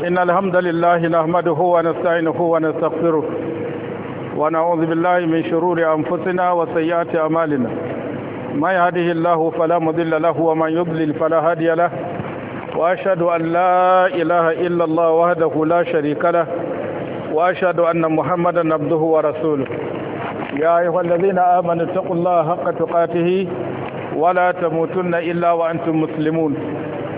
إن الحمد لله نحمده ونستعينه ونستغفره ونعوذ بالله من شرور أنفسنا وسيئات أعمالنا ما يهده الله فلا مضل له ومن يضلل فلا هادي له وأشهد أن لا إله إلا الله وحده لا شريك له وأشهد أن محمدا عبده ورسوله يا أيها الذين آمنوا اتقوا الله حق تقاته ولا تموتن إلا وأنتم مسلمون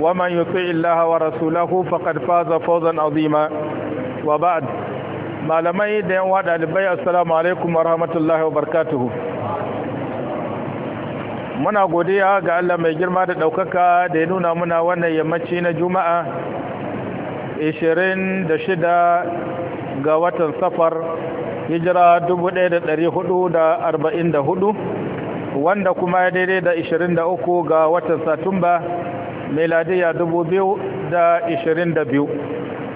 ومن يطع الله ورسوله فقد فاز فوزا عظيما وبعد malamai da yan wada dalibai assalamu alaikum wa rahmatullahi wa barkatuhu. muna godiya ga Allah mai girma da daukaka da ya nuna muna wannan yammaci na juma'a 26 ga watan safar hijira 1444 wanda kuma ya daidai da 23 ga watan satumba da 2022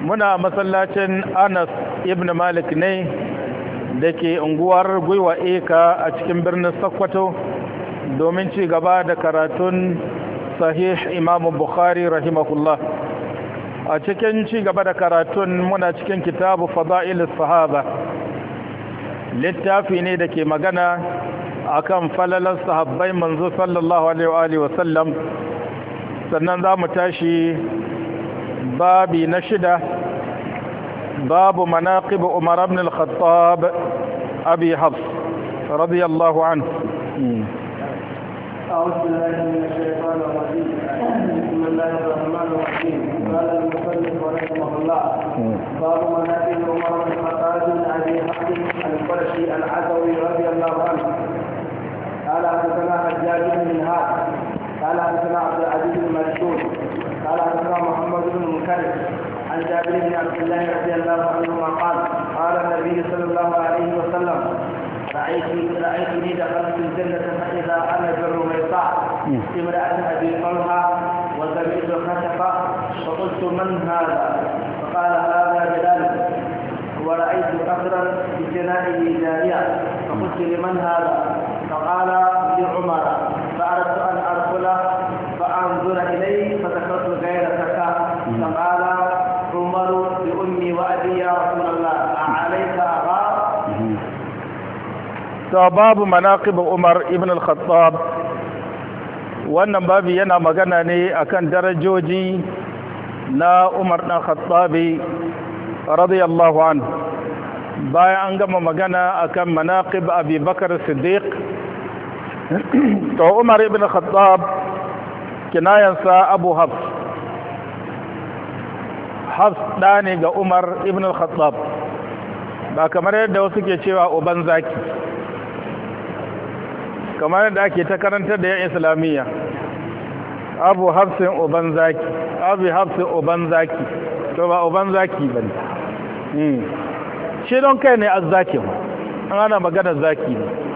muna masallacin anas ibn malik ne da ke unguwar gwiwa eka a cikin birnin sokoto domin ci gaba da karatun sahih imamu bukhari rahimahullah a cikin ci gaba da karatun muna cikin kitabu fada'il sahaba littafi ne da ke magana akan falalar sahabbai manzo sallallahu alaihi wa sallam sannan za mu tashi babi na shida babu manaqib umar ibn al-khattab abi hafs radiyallahu أعوذ بالله من الشيطان الرجيم بسم الله الرحمن الرحيم الله باب مناقب عمر بن الخطاب ابي حفص القرشي العدوي رضي الله عنه قال حدثنا حجاج بن هاد قال حدثنا عبد العزيز بن مسعود قال حدثنا محمد بن مكرم عن جابر بن عبد الله رضي الله عنهما قال قال النبي صلى الله عليه وسلم رأيتني رأيتني دخلت الجنة فإذا أنا بر ميطاع امرأة أبي طلحة وزميل خشفة فقلت من هذا؟ فقال هذا بلال ورأيت قصرا بجنائه جارية فقلت لمن هذا؟ فقال لعمر فأنظر إليه فذكرت غيرتك فقال عمر بأمي وأبي يا رسول الله أعليك أغار باب مناقب عمر ابن الخطاب wannan babu yana magana ne akan darajoji na Umar ɗan Khattabi radiyallahu anhu bayan an gama magana akan manaqib abubakar Bakar Siddiq to umar ibn khattab kinayansa abu hafs hafs ɗa ne ga umar ibn khattab ba kamar yadda wasu ke cewa uban zaki kamar yadda ake ta karantar da yan islamiyya abu hafsin uban zaki abu hafsin uban zaki to ba uban zaki ba ne hmm. shi don kai ne zaki An ana maganar zaki ne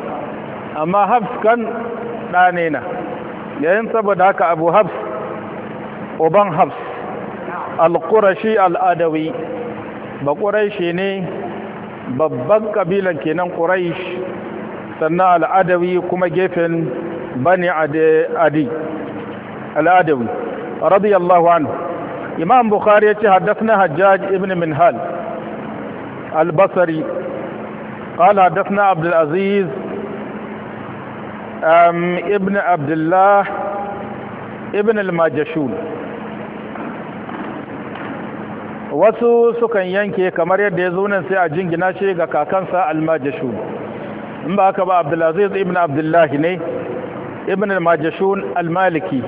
amma habs kan ɗane na yayin saboda haka abu habs uban habs al-qurashi al-adawi ba ne babban ƙabilan kenan quraish sannan al kuma gefen bani adi al-adawi radiyallahu anhu imam bukhari ce haddathna hajjaj ibn minhal al ƙala قال حدثنا عبد العزيز ibn abdullah ibn al-majashun wasu sukan yanke kamar yadda ya zo nan sai a jingina shi ga kakansa al-majashun in ba haka ba abdulaziz ibn abdullahi ne ibn al-majashun al-maliki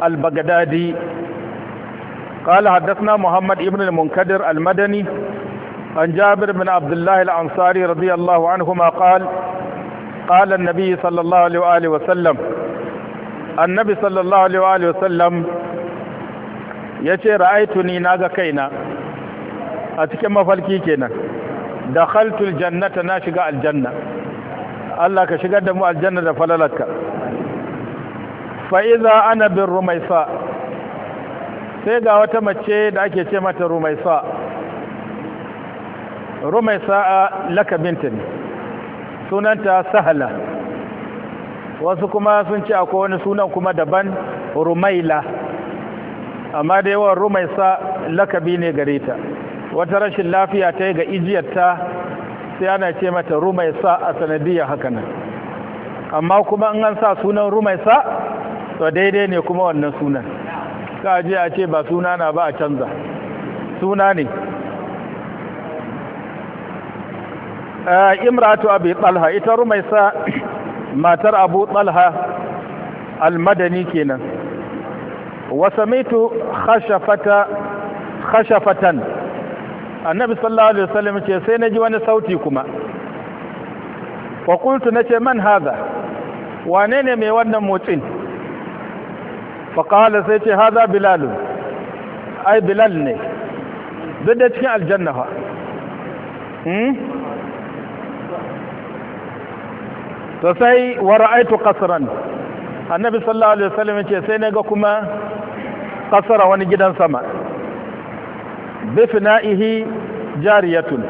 al-bagdadi قال حدثنا محمد ابن المنكدر المدني عن جابر بن عبد الله الأنصاري رضي الله عنهما قال قال النبي صلى الله عليه وآله وسلم النبي صلى الله عليه وآله وسلم yace ra'aituni naga kaina a cikin mafarki kenan dakhaltul jannata na shiga aljanna Allah ka shiga da mu aljanna da falalarka fa idza ana bir rumaisa sai ga wata mace da ake ce mata rumaisa rumaisa laka bintin sunanta sahala wasu kuma sun ce akwai wani sunan kuma daban rumaila amma da yawan rumaisa lakabi ne gare ta wata rashin lafiya ta yi ga ijiyarta sai ana ce mata rumaisa a sanadiyar hakanan amma kuma in an sa sunan rumaisa to daidai ne kuma wannan sunan ka je a ce ba suna na ba a canza suna ne Eh, imratu abi talha ita rumaisa matar abu talha almadani kenan wa samitu khashafata khashafatan annabi sallallahu alaihi wasallam ce sai naji wani sauti kuma wa qultu nace man hadha wane ne mai wannan motsin fa qala sai ce hadha bilal ai bilal ne duk da cikin aljanna fa hmm to sai wa ra'aitu qasran annabi sallallahu alaihi wasallam ce sai naga kuma qasara wani gidan sama bi fina'ihi jariyatun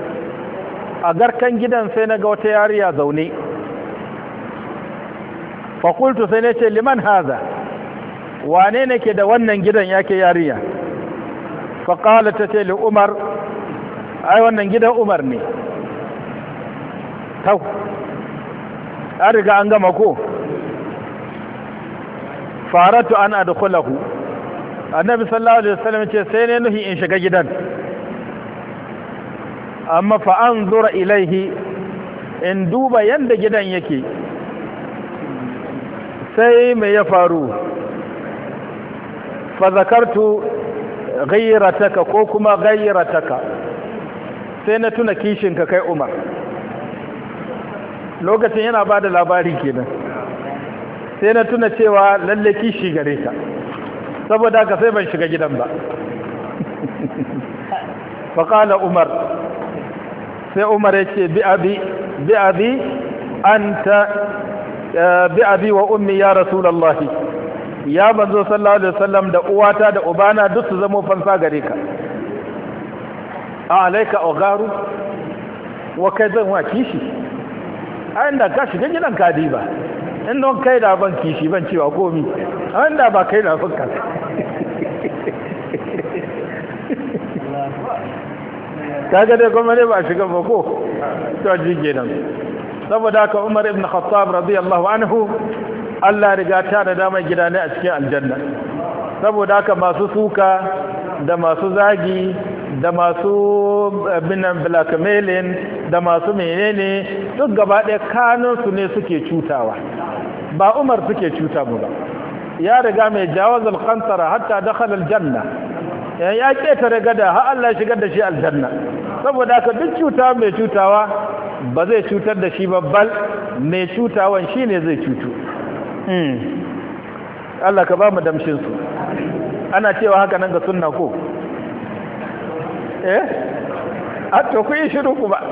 a garkan gidan sai naga wata yariya zaune fa qultu sai ce liman hadha wane ne ke da wannan gidan yake yariya fa qala ce li umar ai wannan gidan umar ne an riga an gama ko faratu an adkhulahu annabi sallallahu alaihi wasallam ce sai ne nuhi in shiga gidan amma fa anzura ilaihi in duba yanda gidan yake sai me ya faru fa zakartu ghayrataka ko kuma ghayrataka sai na tuna kishin ka kai Umar lokacin yana ba da labarin kenan sai na tuna cewa lalle kishi gare ka saboda ka sai ban shiga gidan ba faƙala umar sai umar ya ce bi abi an ta eh, bi abi wa ummi ya rasulallahi ya banzo sallallahu alaihi wasallam da uwata da ubana duk su zama fansa gare ka a alaika ogaru wa kai zan wa kishi a da ka shiga gidan kadi ba in don kai da ban kishi ban cewa komi a da ba kai na fuka ta gada kuma ne ba shiga ba ko to jirgin nan saboda haka Umar ibn Khattab radiyallahu anhu Allah riga ta da damar gida ne a cikin aljanna saboda haka masu suka da masu zagi da masu eh, binan blackmailin da masu menene duk gaba ɗaya kanunsu ne suke cutawa ba umar suke cuta mu ba ya riga mai jawazul qantara hatta dakhala aljanna ya ya ketare gada har Allah ya shigar da shi aljanna saboda haka duk cuta mai cutawa ba zai cutar da shi ba bal mai cutawan shine zai cutu hmm. Allah ka ba mu damshin su ana cewa haka nan ga sunna ko eh a ah, to ku yi shiru ku ba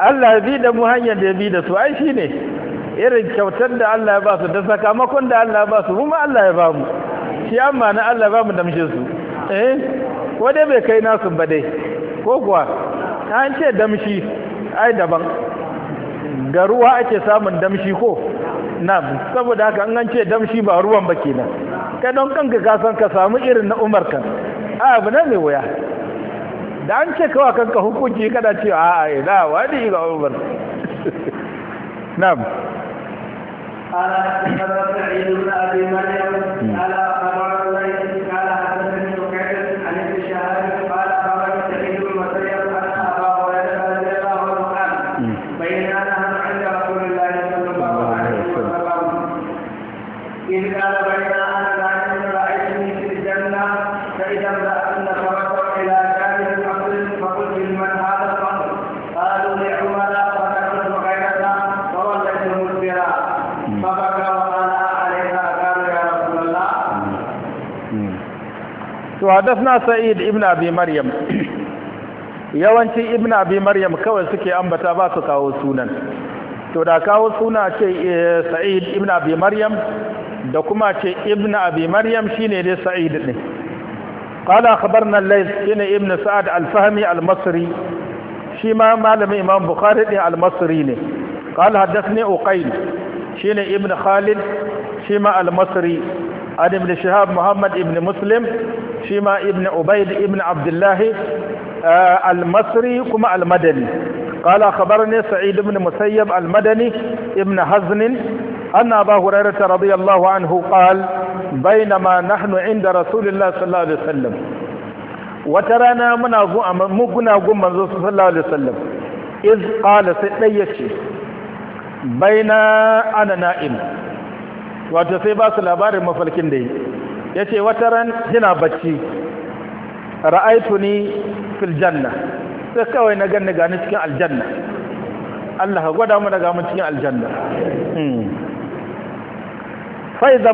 Allah bi da mu hanyar da ya bi da su ai shi ne irin kyautar da Allah ya ba su da sakamakon da Allah ya ba su kuma Allah ya ba mu shi amma na Allah ba mu damshe su eh ko dai bai kai nasu ba dai ko kuwa an ce damshi ai daban ga ruwa ake samun damshi ko na saboda haka an ce damshi ba ruwan ba kenan ka don kanka ka san ka samu irin na umar kan a abu na mai wuya da an ce kawa kanka hukunci kada ce a a ina wani ga umar na'am ala ala ala ala ala ala haddasna sa'id ibn abi maryam yawanci ibn abi maryam kawai suke ambata ba su kawo sunan to da kawo suna ce sa'id ibn abi maryam da kuma ce ibn abi maryam shine dai sa'id ne qala akhbarna al-layth shine ibn sa'ad al-fahmi al-masri shi ma malamin imam bukhari din al-masri ne qala haddathni uqayl shine ibn khalid shi ma al-masri an ibn shahab muhammad ibn muslim shima ibn ubaid ibn abdullahi almasri kuma almadani madani qala khabarani sa'id ibn musayyab al-madani ibn hazn anna abu hurairah radiyallahu anhu qala bainama nahnu inda rasulillahi sallallahu alaihi wasallam watarana muna zuwa muguna gun manzo sallallahu alaihi iz qala sai dai ce baina ana na'im wato sai ba su labarin mafalkin da yi ya ce wata ran jina bacci ra'aitu ni fil janna sai kawai na ganni gani cikin aljanna Allah ka gwada mu daga mu cikin aljanna hmm. fa idza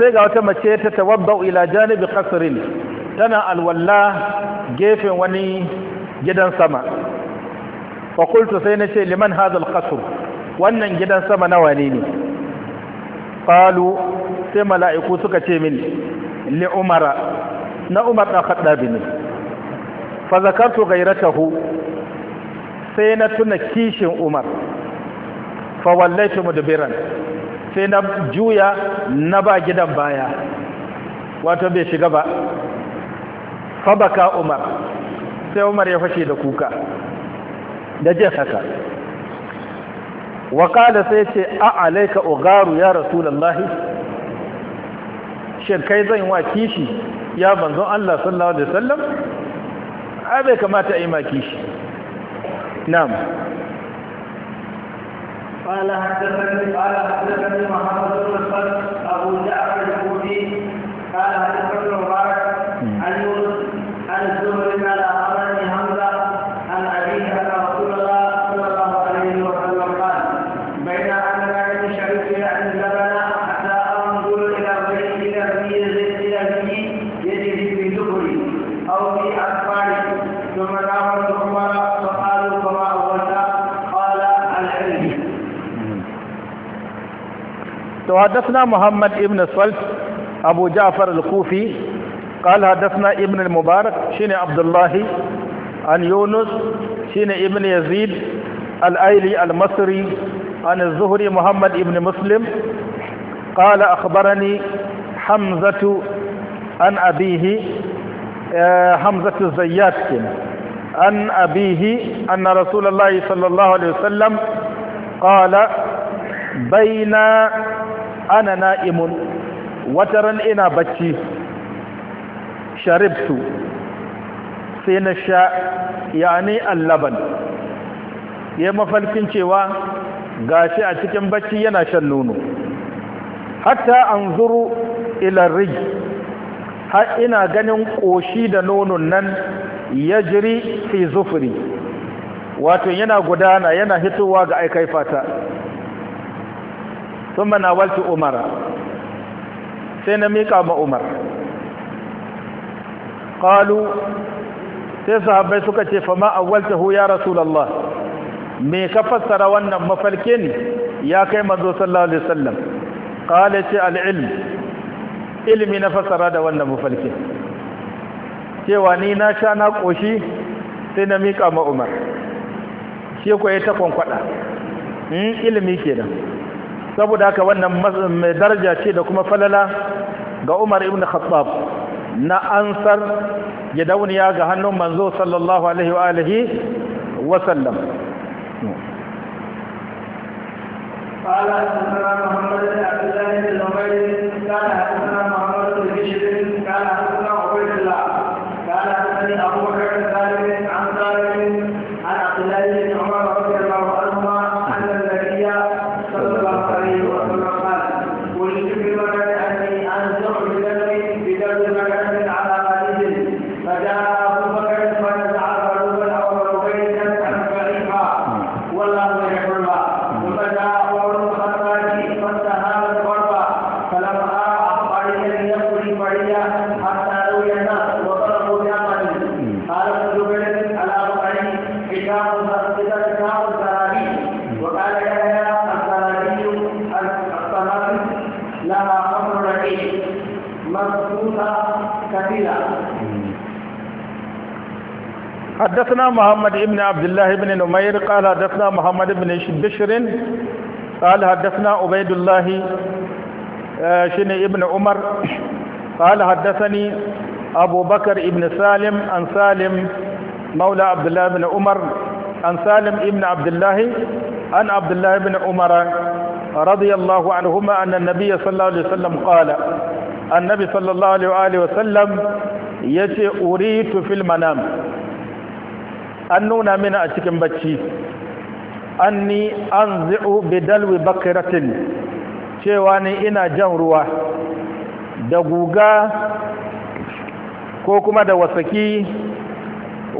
sai ga wata mace ta tawabba ila janibi qasrin tana alwalla gefen wani gidan sama fa qultu sai ce liman hadha alqasr wannan gidan sama nawa ne ne qalu sai mala'iku suka ce min li umara na umar da ne fa zakartu ghayratahu sai na tuna kishin umar fa wallaitu mudbiran sai na juya na ba gidan baya wato bai shiga ba fa baka umar sai umar ya fashe da kuka da jin haka وقال سيتي عليك أغار يا رسول الله شير كيزين واكيشي يا بنزو الله صلى الله عليه وسلم أبيك ما تأيما كيشي نعم قال حدثني قال حدثني محمد بن قال حدثني وحدثنا محمد ابن الصلت أبو جعفر الكوفي قال حدثنا ابن المبارك شين عبد الله عن يونس شين ابن يزيد الأيلي المصري عن الزهري محمد ابن مسلم قال أخبرني حمزة عن أبيه آه، حمزة الزيات عن أبيه أن رسول الله صلى الله عليه وسلم قال بين ana na'imun wataran ina bacci sharibtu sai na sha yani allaban ya mafalkin cewa gashi a cikin bacci yana shan nono hatta an zuru rig har ina ganin ƙoshi da nonon nan ya jiri fi zufuri wato yana gudana yana hitowa ga aikai fata sun manawalci Umar, sai na miƙa ma umar ƙalu sai sahabbai suka ce fama a Hu ya rasulullah me ka fassara wannan mafarkin ya kai manzo sallallahu alaihi wasallam qala ce al-ilm ilmi na fassara da wannan mafarkin cewa ni na sha na koshi sai na mika ma Umar shi ko ya ta kwankwada in hmm, ilmi kenan saboda haka wannan mai daraja ce da kuma falala ga Umar ibn Khattab na ansar ya dauniya ga hannun manzo sallallahu alaihi wa alihi wa sallam قال حدثنا محمد بن عبد الله بن عمير قال حدثنا محمد بن عبد الله بن نمير قال حدثنا محمد بن بشر قال حدثنا عبيد الله آه، شن ابن عمر قال حدثني أبو بكر ابن سالم عن سالم مولى عبد الله بن عمر عن سالم ابن عبد الله عن عبد الله بن عمر رضي الله عنهما أن النبي صلى الله عليه وسلم قال النبي صلى الله عليه وآله وسلم يتي أريت في المنام an nuna mini a cikin bacci An ni an zi'u bidalwi bakiratin cewa ne ina jan ruwa da guga ko kuma da wasaki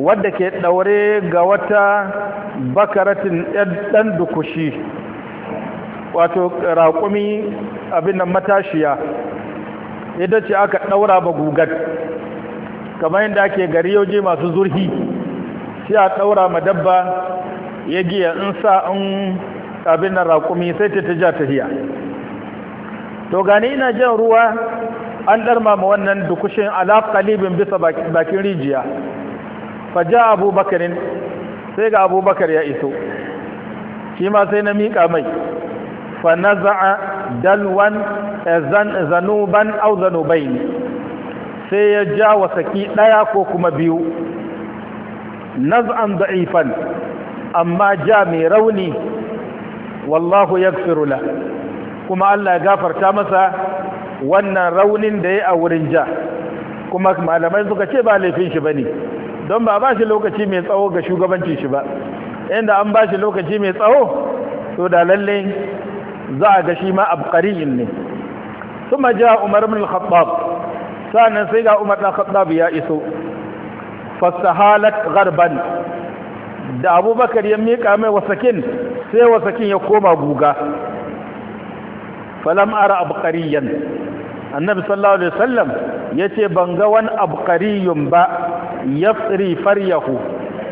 wadda ke daure ga wata bakaratin ɗan dukushi wato raƙumi abin matashiya idan ce aka ɗaura ba gugat kamar yadda ake gariyoji masu zurhi sai a ɗaura ma dabba ya giya in sa an abin na raƙumi sai ta ta ja tafiya. to gani ina jan ruwa an ɗarma ma wannan dukushin alaf kalibin bisa bakin rijiya fa ja abubakarin sai ga abubakar ya iso shi ma sai na miƙa mai fa za'a dalwan eh, zan zanuban au sai ya ja wasaki ɗaya ko kuma biyu naz'an da'ifan amma ja mai rauni wallahu yaghfiru la kuma Allah ya gafarta masa wannan raunin da ya a wurin ja kuma malamai suka ce ba laifin shi bane don ba ba shi lokaci mai tsawo ga shugabancin shi ba inda an ba shi lokaci mai tsawo to da lalle za a ga shi ma abqariyin ne kuma ja Umar ibn al-Khattab sanan sai ga Umar ibn al-Khattab ya iso fasahalat gharban da abubakar ya mika mai wasakin sai wasakin ya koma guga falam ara abqariyan annabi sallallahu alaihi wasallam yace ban ga wani abqariyun ba yafri faryahu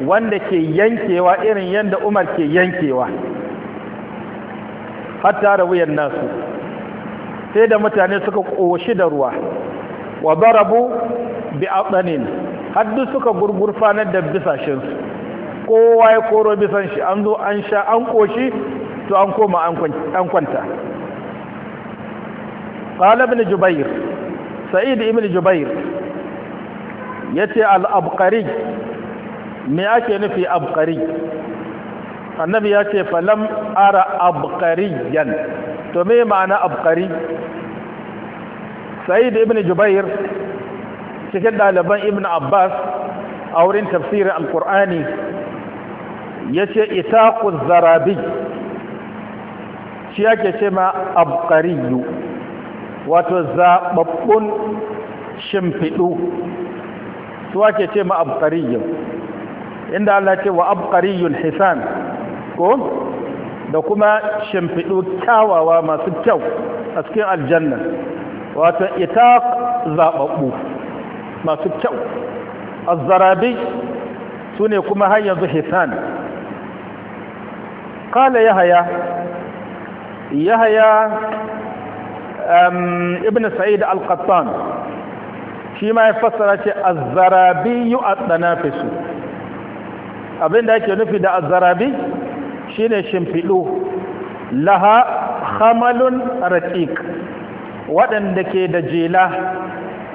wanda ke yankewa irin yanda Umar ke yankewa hatta rawiyan nasu sai da mutane suka koshi da ruwa wa darabu bi haddu suka gurgurfanar da bisashensu kowa ya koro bisan shi an zo an sha an koshi to an koma an kwanta qala ibn jubair sa'id ibn jubair yace al-abqari me ake nufi abqari annabi ya ce falam ara abqariyan to me ma'ana abqari sa'id ibn jubair cikin ɗaliban ibn abbas a wurin tafsirin alkur'ani ya ce itaku zarabi shi yake ce ma abkariyu wato zaɓaɓɓun shimfiɗu su ake ce ma abkariyu inda Allah ce wa abkariyun hisan ko da kuma shimfiɗu kyawawa masu kyau a cikin aljanna wato ita zaɓaɓɓu masu kyau azzarabi su ne kuma har yanzu hisan kala yahaya yahaya um, ibn sa'id al-qattan shi ma ya fassara ce azzarabi yu at Abin abinda yake nufi da azzarabi shine shimfiɗu laha khamalun raƙiƙ, waɗanda ke da jela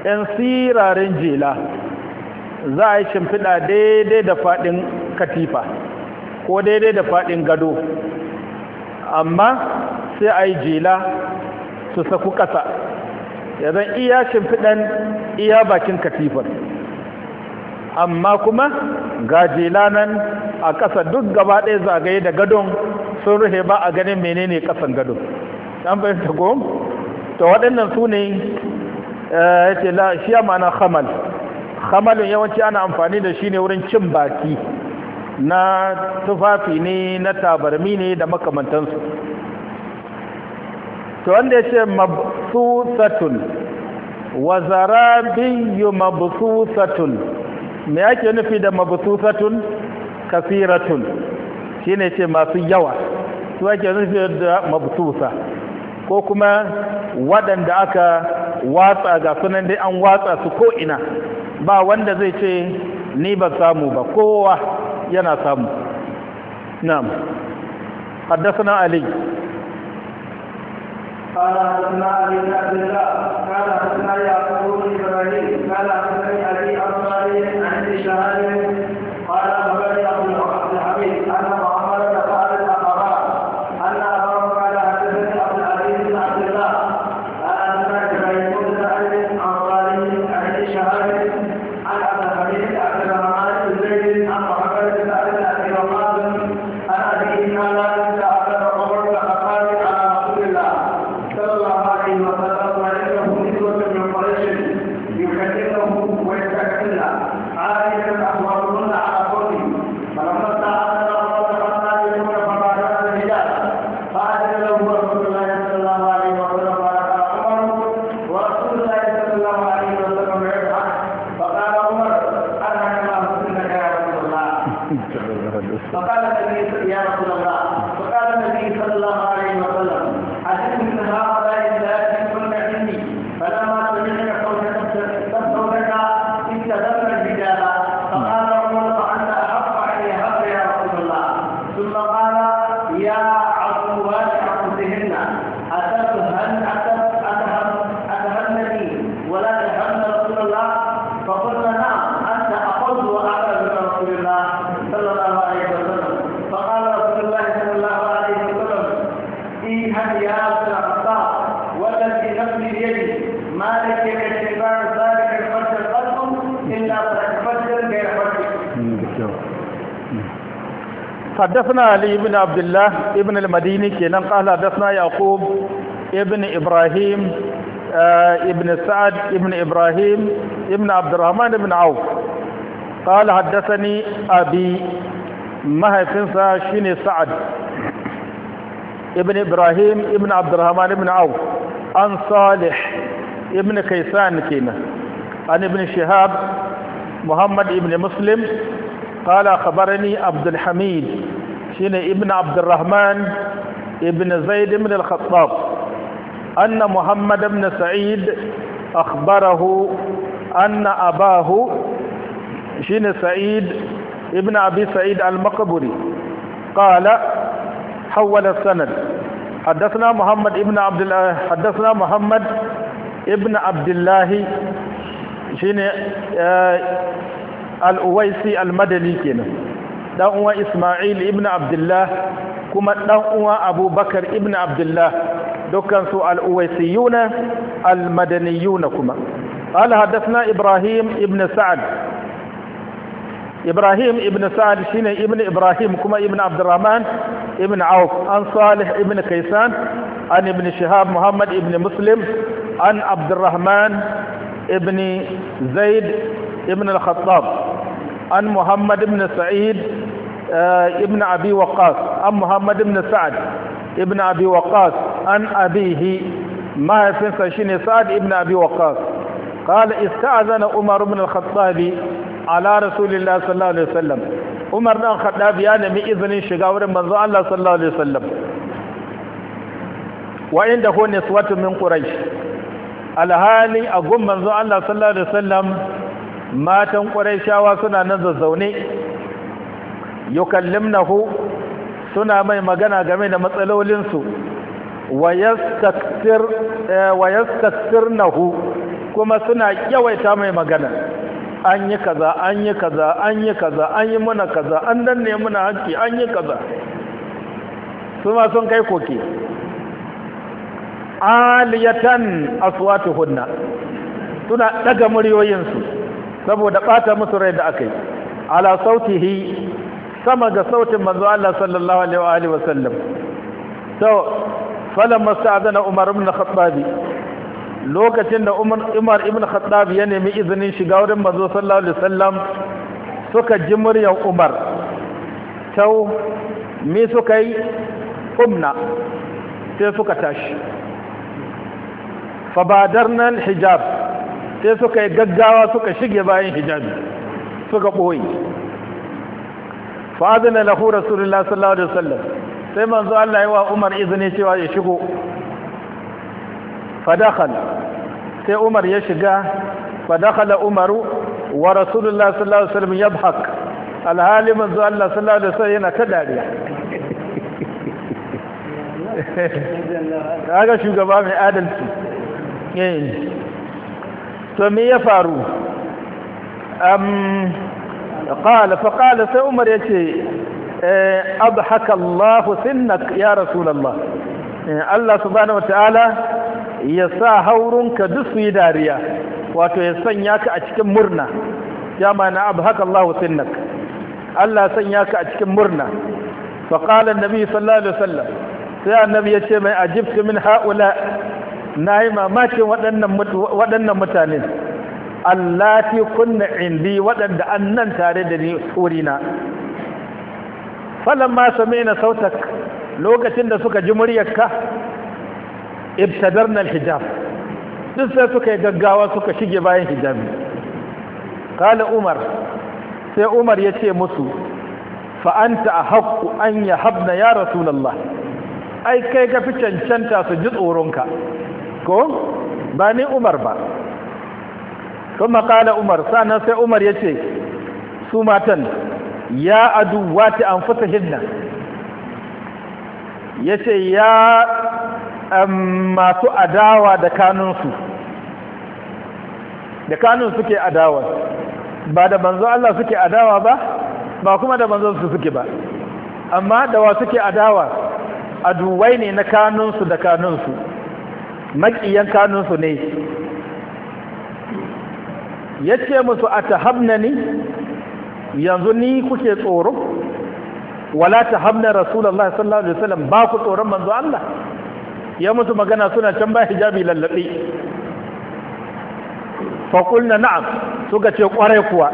‘yan siraren jela za a yi shimfiɗa daidai da faɗin katifa ko daidai da faɗin gado amma sai a yi jela su saku ƙasa ya zan iya shimfiɗan iya bakin katifar amma kuma ga jela nan a ƙasa duk gaba ɗaya zagaye da gadon sun rufe ba a ganin menene ƙasan gadon an ta ko to waɗannan su ne Eh, ya ce shi ya ma'ana khamal khamalin yawanci ana amfani da shi ne wurin cin baki na tufafi ne na tabarmi ne da makamantansu to wanda ya ce mabsusatun wa zarabiyyu mabsusatun me yake nufi da mabsusatun kasiratun ne ce masu yawa su ake nufi da mabsusa ko kuma waɗanda aka watsa ga sunan dai an watsa su ko'ina ba wanda zai ce ni ba samu ba kowa yana samu na'am haddasa علي قال علي بن عبد الله قال يعقوب بن ابراهيم قال ابي شهاب حدثنا علي بن عبد الله ابن المديني كنان قال حدثنا يعقوب ابن إبراهيم آه، ابن سعد ابن إبراهيم ابن عبد الرحمن بن عوف قال حدثني أبي ما فنسا شيني سعد ابن إبراهيم ابن عبد الرحمن بن عوف عن صالح ابن كيسان كينا عن ابن شهاب محمد ابن مسلم قال أخبرني عبد الحميد شين ابن عبد الرحمن ابن زيد بن الخطاب أن محمد بن سعيد أخبره أن أباه شين سعيد ابن أبي سعيد المقبري قال حول السند حدثنا محمد ابن عبد الله حدثنا محمد ابن عبد الله شين al-uwaisi al-madani kenan dan uwan isma'il ibn abdullah kuma dan uwan abubakar ibn abdullah dukkan su al-uwaisiyuna al-madaniyuna kuma قال حدثنا إبراهيم ابن سعد إبراهيم ابن سعد شين ابن إبراهيم كما ابن عبد الرحمن ابن عوف عن صالح ابن كيسان عن ابن شهاب محمد ابن مسلم عن عبد الرحمن ابن زيد ابن الخطاب عن محمد بن سعيد آه، ابن أبي وقاص عن محمد بن سعد ابن أبي وقاص عن أبيه ما يفنس شيني سعد ابن أبي وقاص قال استأذن عمر بن الخطاب على رسول الله صلى الله عليه وسلم عمر بن الخطاب يعني نمي إذن شغاور منذ الله صلى الله عليه وسلم وعنده نسوة من قريش alhali من gun الله صلى الله عليه وسلم matan ƙurayshawa suna nan zazzaune yukallimnahu suna mai magana game da matsalolinsu wa eh, hu? kuma suna yawaita mai magana an yi kaza an yi kaza an yi kaza an yi muna kaza an danne muna hanki an yi kaza su sun kai koke aliyatan aswatuhunna suna daga muryoyinsu saboda ɓata musu rai da aka yi ala sautihi sama ga sautin manzo Allah sallallahu alaihi wa alihi wasallam to falamma sa'adana Umar ibn Khattab lokacin da Umar ibn Khattab ya nemi izinin shiga wurin manzo sallallahu alaihi wasallam suka ji muryar Umar tau me suka yi umna sai suka tashi fabadarna al-hijab sai suka yi gaggawa suka shige bayan hijabi suka ɓoye fa'adana lahu rasulullah sallallahu alaihi wasallam sai manzo Allah ya wa Umar izini cewa ya shigo fadakal sai Umar ya shiga fadakala Umaru wa rasulullah sallallahu alaihi wasallam yadhhak alhali manzo Allah sallallahu alaihi wasallam yana ta dariya kaga shugaba mai adalci eh. to me ya faru am qala fa qala yace eh, abhaka Allah sinnak ya eh, Allah subhanahu wataala ya sa haurunka duk su yi dariya wato ya sanya ka a cikin murna ya mana abhaka Allah sinnak Allah sanya ka a cikin murna annabi sallallahu alaihi sai annabi mai ajibtu min haula na yi mamakin waɗannan mutane allati kunna indi waɗanda an nan tare da ni wurina falon masu mena sautak lokacin da suka ji muryarka ibtadarnal hijab duk sai suka yi gaggawa suka shige bayan hijabi kala umar sai umar ya ce musu fa'anta a haƙƙu an habna ya rasulallah ai kai ka fi cancanta su ji tsoronka ko ba ni umar ba sun makala umar sannan sai umar ya ce su matan ya aduwa ta an fusa hinna ya ce ya masu adawa da kanunsu da kanun suke adawa ba da banzo Allah suke adawa ba ba kuma da banzon su suke ba amma da wa suke adawa aduwai ne na kanunsu da kanunsu maƙiyan kanunsu ne ya ce musu a ta hamna ni yanzu ni kuke tsoro wala ta hamna rasulallah sallallahu alaihi wasallam ba ku tsoron manzo Allah ya musu magana suna can ba hijabi lallabe fa qulna na'am suka ce kwarai kuwa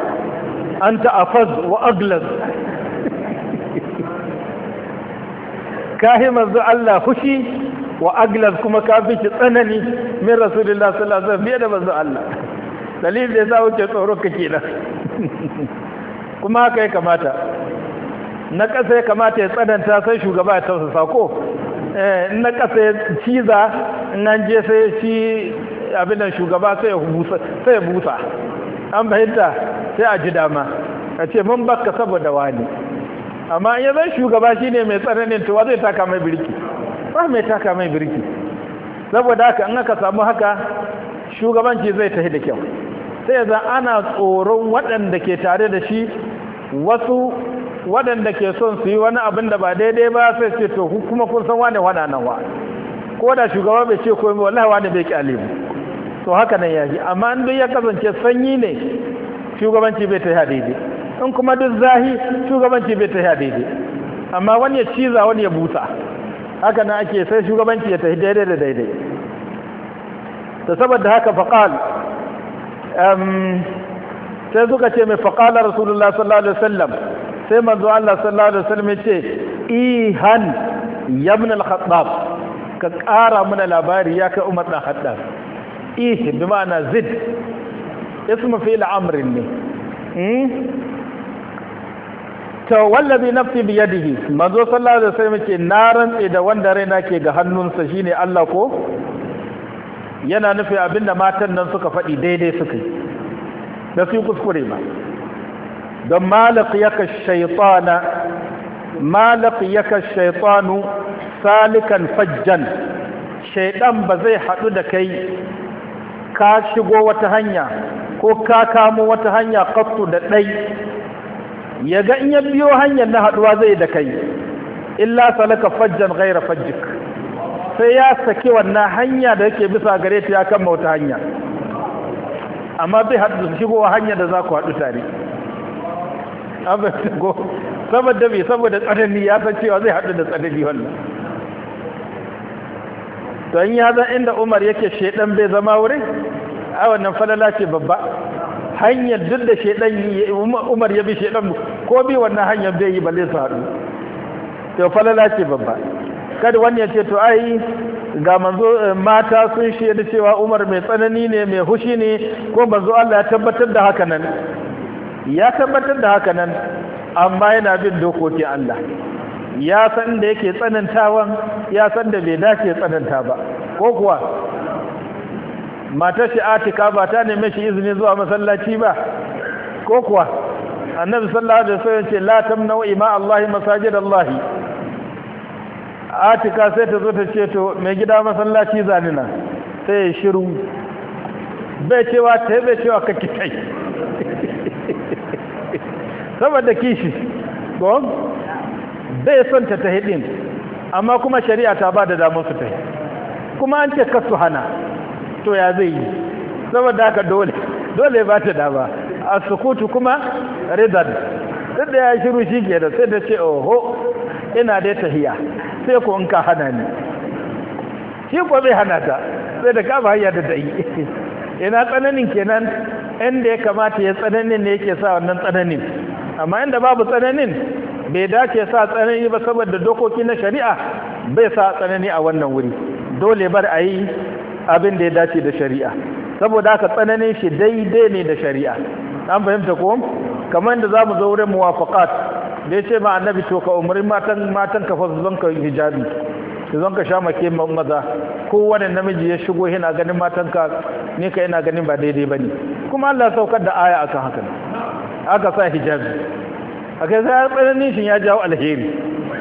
anta afaz wa aglaz kahi manzo Allah fushi wa aglas kuma shi tsanani min rasulullah sallallahu alaihi wasallam fiye da manzo Allah dalilin da yasa wuce tsoro kake da kuma haka ya kamata na kasa ya kamata ya tsananta sai shugaba ya tausasa ko eh, na kasa ya ciza nan je sai shi abin da shugaba sai ya busa an fahimta sai a ji dama a ce mun baka saboda wani amma ya zai shugaba shine mai tsananin tuwa zai taka mai birki ba mai taka mai birki saboda haka in aka samu haka shugabanci zai tafi da kyau sai yanzu ana tsoron waɗanda ke tare da shi wasu waɗanda ke son su yi wani abin da ba daidai ba sai ce to kuma kun san wane waɗannan wa ko da shugaba bai ce ko mai wallahi wani bai kyale mu to haka nan yaji amma in duk ya kasance sanyi ne shugabanci bai tafi daidai in kuma duk zahi shugabanci bai tafi daidai amma wani ya ciza wani ya buta haka nan ake sai shugabanci ya tafi daidai da daidai ta saboda haka faqal sai suka ce mai faqala rasulullah sallallahu alaihi wasallam sai manzo Allah sallallahu alaihi wasallam ya ce ihan ibn al-khattab ka ƙara mana labari ya kai umar dan khattab ih bi ma'ana zid ismu fi'l amrin ne hmm? to wallazi nafsi biyadihi manzo sallallahu alaihi wasallam ce na rantse da wanda raina ke ga hannunsa shine Allah ko yana nufi abinda matan nan suka faɗi daidai suka yi da su kuskure ba don malaqiyaka shaytana malaqiyaka shaytanu salikan fajjan shaytan ba zai hadu da kai ka shigo wata hanya ko ka kamo wata hanya qattu da dai ya ga in ya biyo hanyar na haduwa zai da kai illa salaka fajjan ghaira fajjik sai ya saki wannan hanya da yake bisa gare ta ya kama wata hanya amma bai haɗu shigowa hanyar da za ku haɗu tare abin go saboda bai saboda tsanani ya san cewa zai haɗu da tsanani wannan don ya zan inda umar yake shaidan bai zama wurin a wannan falala ce babba hanyar duk da shedan umar ya bi shedan ko bi wannan hanyar bai yi balle su haɗu to falala ce babba kada wani ya ce to ai ga manzo eh, mata sun shaida cewa umar mai tsanani ne mai hushi ne ko manzo Allah ya tabbatar da haka nan ya tabbatar da haka nan amma yana bin dokokin Allah ya san da yake tsanantawan ya san da bai dace tsananta ba ko kuwa matar shi atika ba ta neme shi izini zuwa masallaci ba ko kuwa annabi sallallahu alaihi wasallam ce la tamna'u ima allahi masajid allahi atika sai ta zo ta ce to mai gida masallaci zanina sai ya shiru bai cewa ta bai cewa ka kitai saboda kishi ko bai son ta ta hidin amma kuma shari'a ta ba da damar su ta kuma an ce kasu hana to ya zai yi saboda haka dole dole ba ta ba a sukutu kuma rizal duk da ya shiru shi ke da sai da ce oho ina dai tahiya sai ko in ka hana ni shi ko bai hana ta sai da ba hanya da dai ina tsananin kenan inda ya kamata ya tsananin ne yake sa wannan tsananin amma inda babu tsananin bai dace sa tsanani ba saboda dokoki na shari'a bai sa tsanani a wannan wuri dole bar a yi abin da ya dace da shari'a saboda aka tsananin shi daidai ne da shari'a an fahimta ko kamar da zamu zo wurin muwafaqat da yace ma annabi to ka umarin matan matan ka fa zanka hijabi zan zanka sha make maza ko wani namiji ya shigo yana ganin matan ka ne ka yana ganin ba daidai bane kuma Allah saukar da aya akan haka aka sa hijabi akai sai tsananin shi ya jawo alheri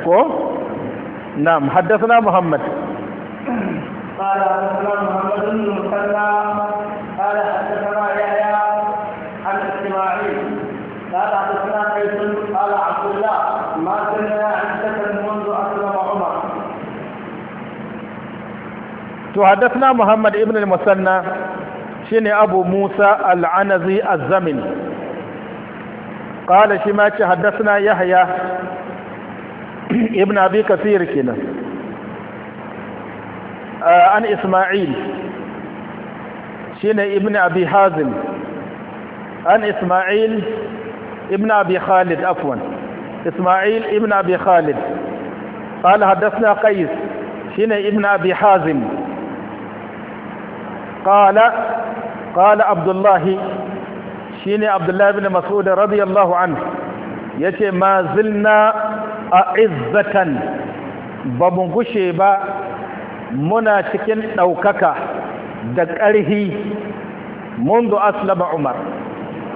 ko na'am haddathana muhammad قال حدثنا محمد بن المثنى قال حدثنا يحيى عن اسماعيل قال حدثنا قيس قال عبد الله ما سمع عدة منذ اسلم عمر تحدثنا محمد بن المثنى شيني أبو موسى العنزي الزمن قال شما حدثنا يحيى ابن أبي كثير كنا an Isma'il shine ibn Abi Hazim an Isma'il ibn Abi Khalid afwan Isma'il ibn Abi Khalid قال حدثنا قيس شنو ابن أبي حازم قال قال عبد الله شنو عبد الله بن مسعود رضي الله عنه yace ma zilna a izzatan ba mu gushe ba muna cikin ɗaukaka da ƙarhi mundu aslaba umar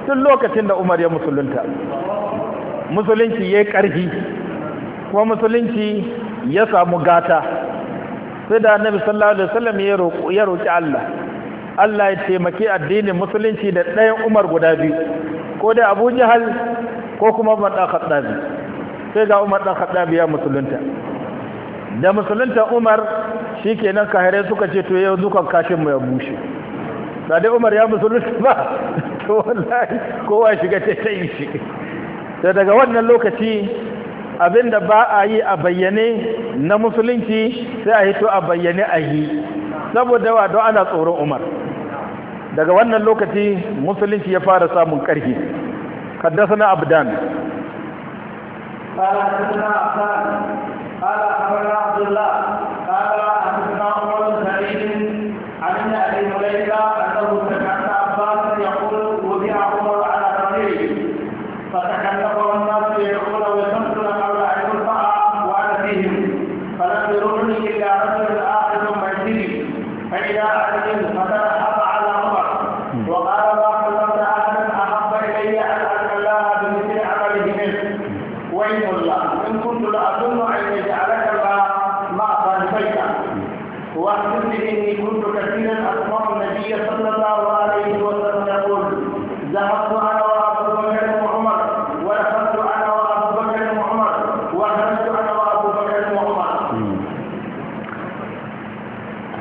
tun lokacin da umar ya musulunta musulunci ya yi ƙarfi kuma musulunci ya samu gata sai da annabi sallallahu alaihi wasallam ya roƙi Allah Allah ya taimaki addinin musulunci da ɗayan umar guda biyu ko da Abu Jahl ko kuma Umar ɗan Khattabi sai ga Umar ɗan Khattabi ya musulunta da musulunta Umar shi kenan kahirai suka ce to yau dukan kashin mu ya bushe ba dai umar ya musulunci ba to wallahi kowa shiga ta ta yi shi da daga wannan lokaci abinda ba a yi a bayyane na musulunci sai a hito a bayyane a yi saboda wa don ana tsoron umar daga wannan lokaci musulunci ya fara samun ƙarfi Kaddasa na abdan قال حدثنا عفان قال اخبرنا عبد الله هذا عن الإمام المرسلين عن أبي هريرة أنه سمع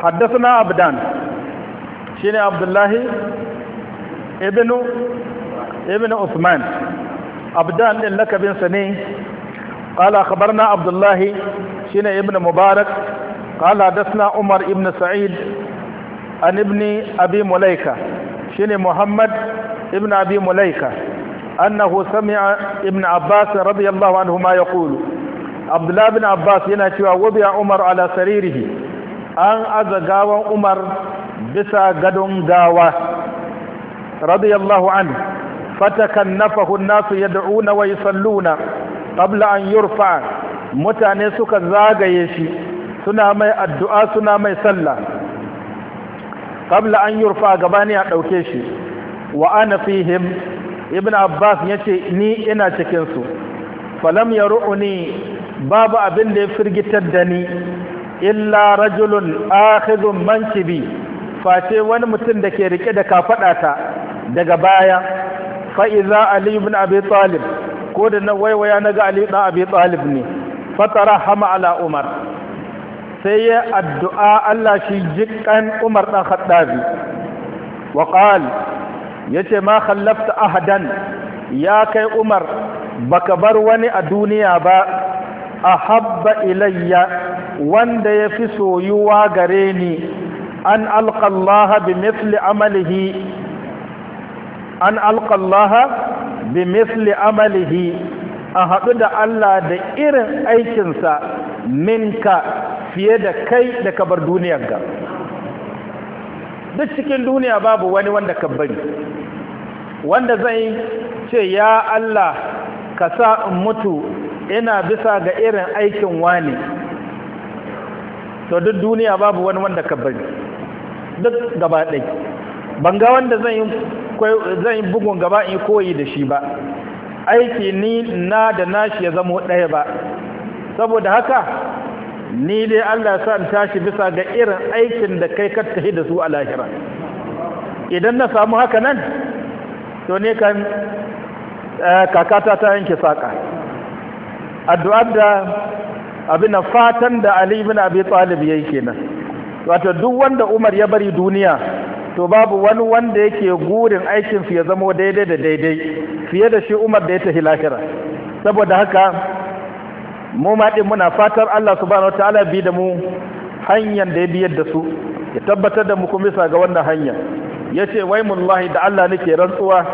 haddasana abdan shine abdullahi ibnu ibnu usman abdan din lakabinsa sa ne qala akhbarna abdullahi shine ibnu mubarak qala haddasna umar ibnu sa'id an ibni abi mulaika shine muhammad ibnu abi annahu sami'a ibnu abbas radiyallahu anhuma yaqulu abdullah ibn abbas yana cewa wabiya umar ala saririhi an aza gawan umar bisa gadon gawa radiyallahu an fatakan nafahun nasu yad'una wa yusalluna qabla an yurfa mutane suka zagaye shi suna mai addu'a suna mai sallah qabla an yurfa gabani a dauke shi wa ana fihim ibn abbas yace ni ina cikin su falam yaruni babu abin da ya firgitar da ni illa rajulun akhidhun mankibi face wani mutum da ke rike da kafadata daga baya fa iza ali ibn abi talib ko da na waiwaya naga ali ibn abi talib ne fatara hama ala umar sai ya addu'a Allah shi jiƙan umar dan khattabi wa qal yace ma khallafta ahadan ya kai umar baka bar wani a duniya ba ahabba ilayya wanda ya fi soyuwa gare ni an alƙallaha bi misli amalihi an alƙallaha bi misli amalihi a haɗu da Allah da irin aikinsa minka fiye da kai da kabar duniyar ga duk cikin duniya babu wani wanda ka bari wanda zai ce ya Allah ka sa in mutu ina bisa ga irin aikin wani to duk duniya babu wani wanda ka bari duk gaba ɗai ban ga wanda zan yi bugun gaba in koyi da shi ba aiki ni na da nashi ya zamo ɗaya ba saboda haka ni dai Allah sa in tashi bisa ga irin aikin da kai ka da su a lahira idan na samu haka nan to ne kan eh, kakata ta yanke saƙa addu'ar da abin fatan da Ali ibn Abi Talib yayi kenan wato duk wanda Umar ya bari duniya to babu wani wanda yake gurin aikin fiye ya zamo daidai da daidai fiye da shi Umar da ya tafi lahira saboda haka mu ma din muna fatar Allah subhanahu wataala bi da mu hanyar da ya biyar da su ya tabbatar da mu kuma bisa ga wannan hanya yace wai mullahi da Allah nake rantsuwa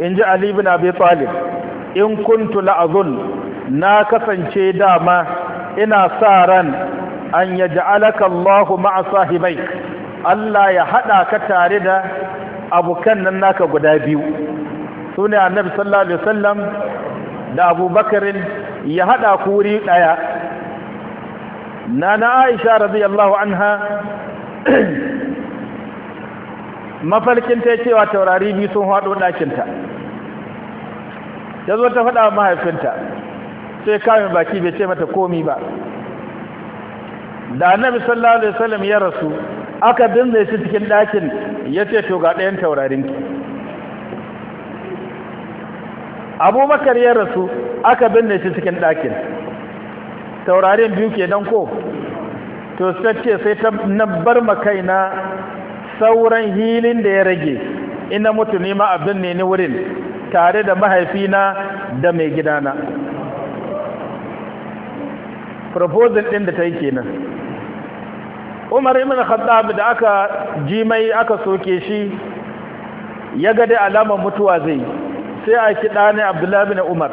in ji Ali ibn Abi Talib in kuntu la'azun na kasance dama ina sa ran an yaj'alaka Allahu ma'a sahibai Allah ya haɗa ka tare da abokan nan naka guda biyu sune annabi sallallahu alaihi wasallam da abu Bakarin ya hada ku wuri daya nana Aisha radiyallahu anha mafarkin ta cewa taurari biyu sun hado dakin ta ta zo ta faɗa mahaifinta sai kamin baki bai ce mata komi ba da annabi sallallahu alaihi wasallam ya rasu aka binne shi cikin ɗakin ya ce to ga ɗayan taurarin ki abubakar ya rasu aka binne shi cikin ɗakin taurarin biyu ke don ko to sai ce sai ta makai na sauran hilin da ya rage ina mutu nema abin ne ni wurin tare da mahaifina da mai gidana proposal ɗin da ta yi kenan umar ibn khattab da aka ji mai aka soke shi ya ga dai alamar mutuwa zai sai a kiɗa ne abdullahi bin umar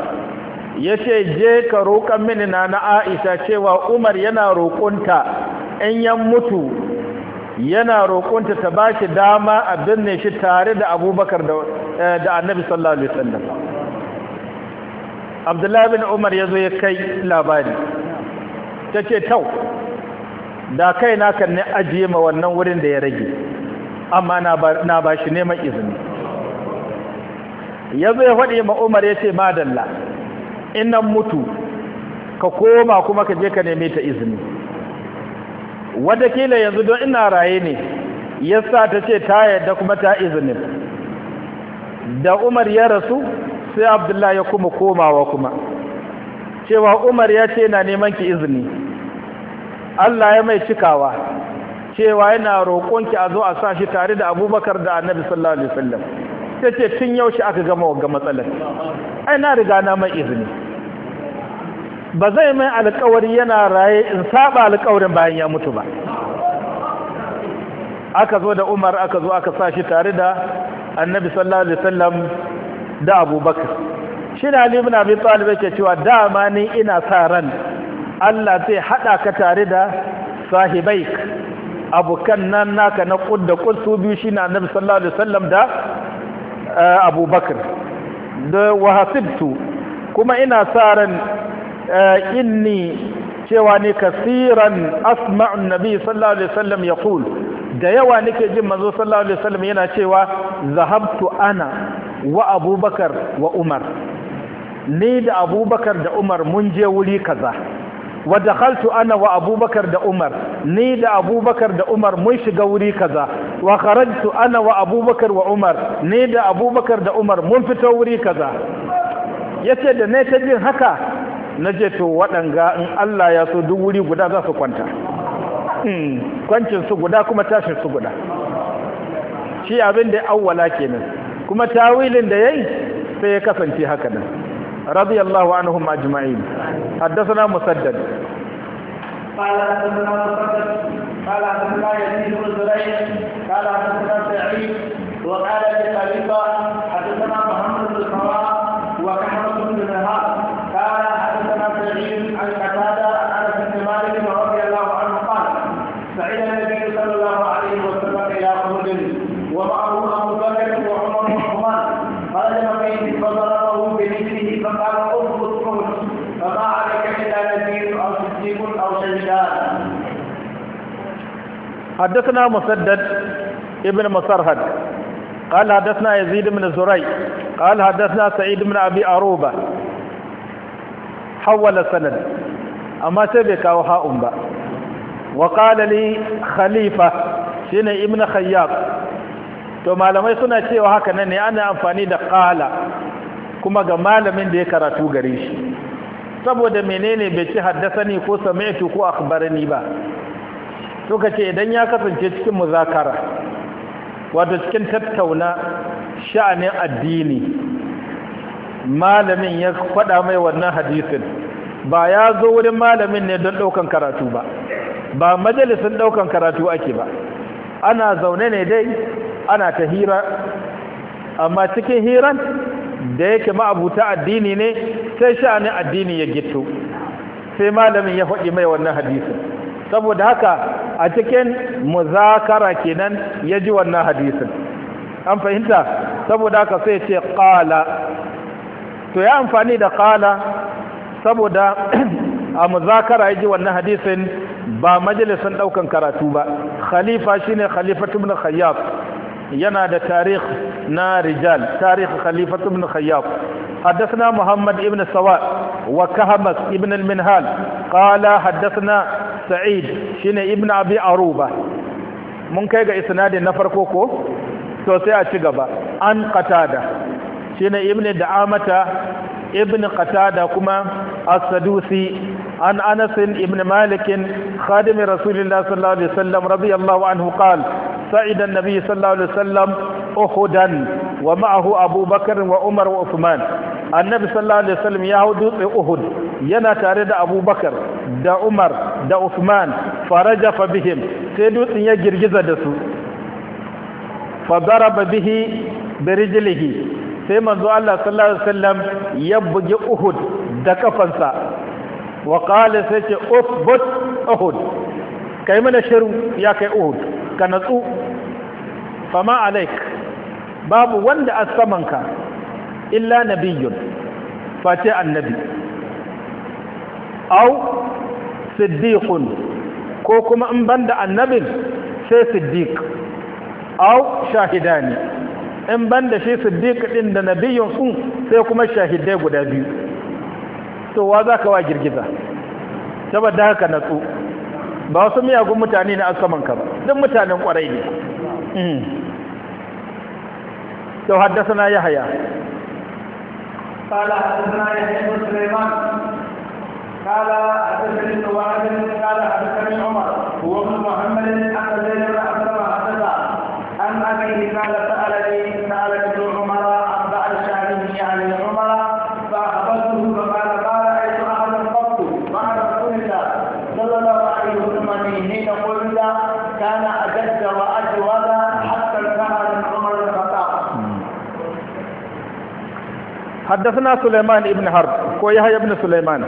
ya ce je ka roƙon mini na na aisha cewa umar yana roƙonta in yan mutu yana roƙonta ta ba shi dama a binne shi tare da abubakar da eh, annabi sallallahu alaihi wasallam abdullahi bin umar ya zo ya kai labari ta ce tau da kai na kan ne ajiye ma wannan wurin da ya rage amma na ba shi neman izini ya zo ya faɗi ma umar ya ce madalla inan mutu ka koma kuma ka je ka neme ta izini watakila yanzu don ina raye ne ya sa ta ce ta yadda kuma ta izinin da umar ya rasu sai abdullahi ya kuma komawa kuma cewa umar ya ce na neman ki izini Allah ya mai cikawa cewa yana roƙonki a zo a sa shi tare da abubakar da annabi sallallahu alaihi wasallam ta ce tun yaushe aka gama ga matsalar ai na riga na mai izini ba zai mai alƙawari yana raye in saba alƙawarin bayan ya mutu ba aka zo da umar aka zo aka sa shi tare da annabi sallallahu alaihi wasallam da abubakar shi na ali abin abi ke cewa dama ni ina sa ran Allah zai haɗa ka tare da sahibai abokan nan naka na kud da kud su biyu shi na annabi sallallahu alaihi wasallam da eh, abubakar da wahasibtu kuma ina sa ran eh, inni cewa ne kasiran asma'u nabi sallallahu alaihi wasallam yaqul da yawa nake jin manzo sallallahu alaihi wasallam yana cewa zahabtu ana wa abubakar wa umar ni da abubakar da umar mun je wuri kaza wa dakhaltu ana wa abubakar da umar ni da abubakar da umar mun shiga wuri kaza wa kharajtu ana wa abubakar wa umar ni da abubakar da umar mun fito wuri kaza yace da ne ta jin haka naje to waɗanga in Allah ya so duk wuri guda za su kwanta hmm, kwancin su guda kuma tashin su guda shi abin da ya awwala kenan kuma tawilin da yayi sai ya kasance haka nan رضي الله عنهم أجمعين حدثنا مسدد قال حدثنا قال حدثنا يزيد بن زريع قال حدثنا سعيد وقال حدثنا محمد بن حدثنا مسدد ابن مسرهد قال حدثنا يزيد بن زري قال حدثنا سعيد بن أبي أروبة حول السند أما سبك وها أمبا وقال لي خليفة شين ابن خياط to malamai suna cewa haka nan ne ana amfani da ƙala kuma ga malamin da ya karatu gare shi saboda menene bai ci haddasa ne ko sami'tu ko akhbarani ba suka ce idan ya kasance cikin muzakara wato cikin tattauna sha'anin addini malamin ya faɗa mai wannan hadisin ba ya zo wurin malamin ne don ɗaukan karatu ba ba majalisin ɗaukan karatu ake ba ana zaune ne dai ana ta hira amma cikin hiran da yake ma'abuta addini ne sai sha'anin addini ya gito sai malamin ya faɗi mai wannan hadisin saboda haka a cikin muzakara kenan ya ji wannan hadisin an fahimta saboda haka sai ce qala to ya amfani da qala saboda a muzakara ya ji wannan hadisin ba majalisin ɗaukan karatu ba khalifa shine khalifatu ibn khayyab yana da tarikh na rijal tarikh khalifat ibn khayyab حدثنا محمد ابن سواء وكهمس ابن المنهال قال حدثنا سعيد شين ابن أبي عروبة من كيغا إسناد نفر كوكو توسيا تشغبا عن قتادة شين ابن دعامة ibn qatada kuma as-sadusi an anas ibn malik khadim rasulillah sallallahu alaihi wasallam radiyallahu anhu qala sa'ida an-nabi sallallahu alaihi wasallam uhudan wa ma'ahu abubakar wa umar wa Usman, annabi sallallahu alaihi wasallam ya hau dutse uhud yana tare da abubakar da umar da Usman faraja fa bihim sai dutsen ya girgiza da su fa daraba bihi bi rijlihi sai manzo Allah sallallahu alaihi wasallam ya bugi Uhud da kafansa wa qala sai ce uthbut Uhud kai mana shiru ya kai Uhud ka natsu fama alaik babu wanda a samanka illa nabiyyun Fati annabi au siddiqun ko kuma in banda annabin sai siddiq au shahidani in ban da shi siddiq din da nabiyun sun sai kuma shahidai guda biyu to wa za ka wa girgiza saboda haka natsu ba wasu miyagun mutane na asaman ka ba duk mutanen kwarai ne hmm. to haddasa na yahaya qala حدثنا يحيى بن سليمان قال حدثني سواد قال حدثني عمر هو ابن محمد ان زيد بن اسلم حدث عن ابيه قال حدثنا سليمان ابن حرب يحيى ابن سليمان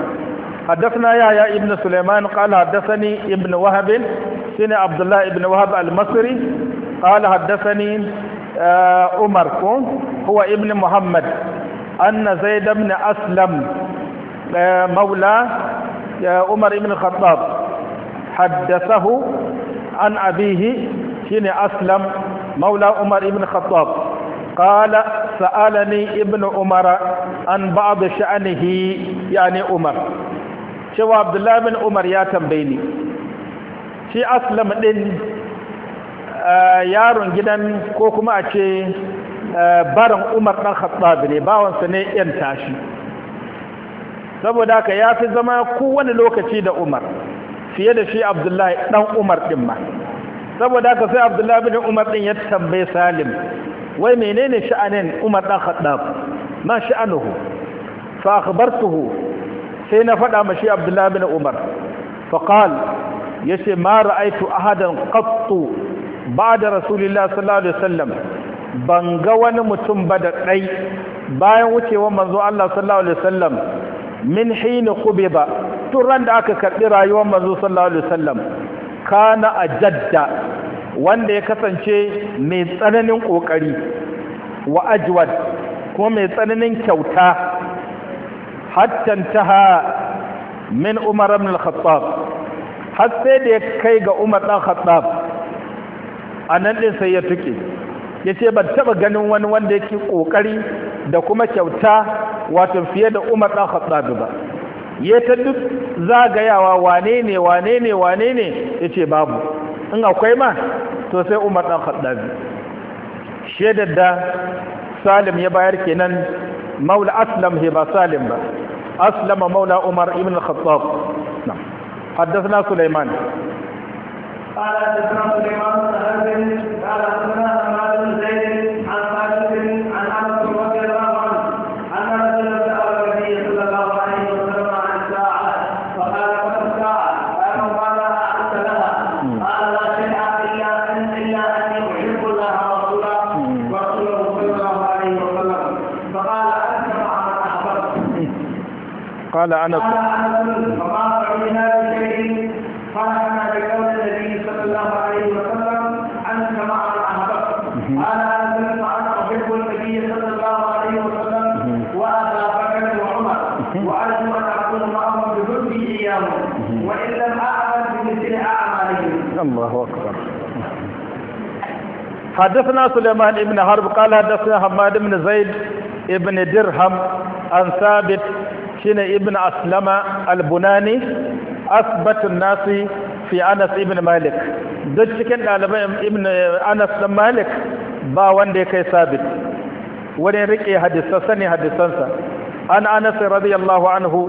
حدثنا يحيى ابن سليمان قال حدثني ابن وهب سنة عبد الله ابن وهب المصري قال حدثني آه، عمر هو ابن محمد أن زيد بن أسلم آه، مولى آه، عمر بن الخطاب حدثه عن أبيه شين أسلم مولى عمر بن الخطاب قال sa'alani Ibn umar an ba'd ya yani umar cewa abdullahi bin umar ya tambaye ni shi aslam ɗin yaron gidan ko kuma a ce barin umar ɗan khattab ne bawansa ne yan tashi saboda ya fi zama kowane lokaci da umar fiye da shi abdullahi ɗan umar ɗin ma saboda sai abdullahi bin umar ya tambaye salim wai menene sha'anin Umar dan Khattab ma sha'anuhu fa akhbartuhu sai na faɗa mashi Abdullah bin Umar fa qala yace ma ra'aitu ahadan qattu ba'da Rasulillah sallallahu alaihi wasallam ban ga wani mutum ba da dai bayan wucewa manzo Allah sallallahu alaihi wasallam min hin qubida tun ran da aka karbi rayuwar manzo sallallahu alaihi wasallam kana ajadda wanda ya kasance mai tsananin ƙoƙari wa ajwad ko mai tsananin kyauta hattantaha min umar ibn al-khattab har sai da ya kai ga umar ɗan khattab a nan ɗin sai ya tuke ya ce ban taɓa ganin wani wanda yake ƙoƙari da kuma kyauta wato fiye da umar ɗan khattab ba ya ta duk zagayawa wane ne wane ne wane ne ya ce babu in akwai ma to sai umar ɗan haɗari shaidar da salim ya bayar kenan maula aslam ba salim ba aslam maula umar ibn al-khattab حدثنا سليمان قال suleiman ta harbin قال حدثنا قال أنا النبي صلى الله عليه وسلم قال أحب النبي صلى الله عليه وسلم وأبا بكر وعمر أكون معهم إياهم وإن لم بمثل أعمالهم الله أكبر حدثنا سليمان بن حرب قال حدثنا حماد بن زيد بن درهم عن ثابت shine ibn aslama al-bunani asbatun nasi fi anas ibn malik duk cikin ɗaliban ibn eh, anas Ibn malik ba wanda ya kai sabit wani rike hadisan sani hadisansa an anas radiyallahu anhu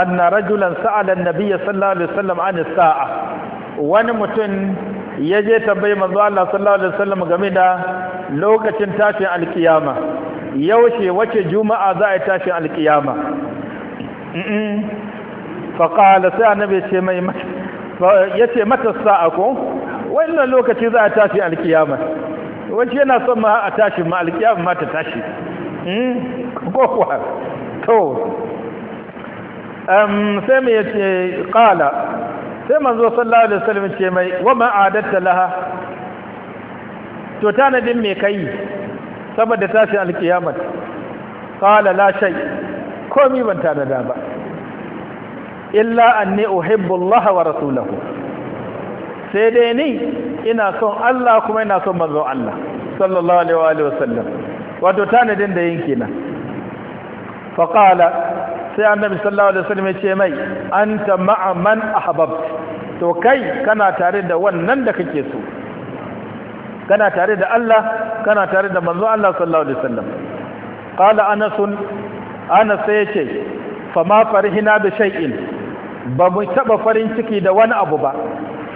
anna rajulan sa'ala an-nabiy sallallahu alaihi wasallam an as-sa'a wani mutum ya yaje tambayi manzo Allah sallallahu alaihi wasallam game da lokacin tashin alkiyama yaushe wace juma'a za a yi tashin alkiyama faƙala sai annabi ce mai ya ce mata sa'a ko wannan lokaci za a tashi alkiyama wani yana son ma a tashi ma alkiyama ma ta tashi mm. kowa to sai mai ya ce ƙala sai manzo sallallahu alaihi wasallam ce mai wa adatta laha to tanadin me kai saboda tashi alkiyama ƙala la shai komi ban ta da ba illa anni uhibbu Allah wa rasulahu sai dai ni ina son Allah kuma ina son manzon Allah sallallahu alaihi wa sallam wato tanadin da yin na. fa qala sai annabi sallallahu alaihi wasallam ya ce mai anta ma'a man ahbabta to kai kana tare da wannan da kake so kana tare da Allah kana tare da manzon Allah sallallahu alaihi wasallam qala anas ana sai ce fama farhina da shay'in ba mu taba farin ciki da wani abu ba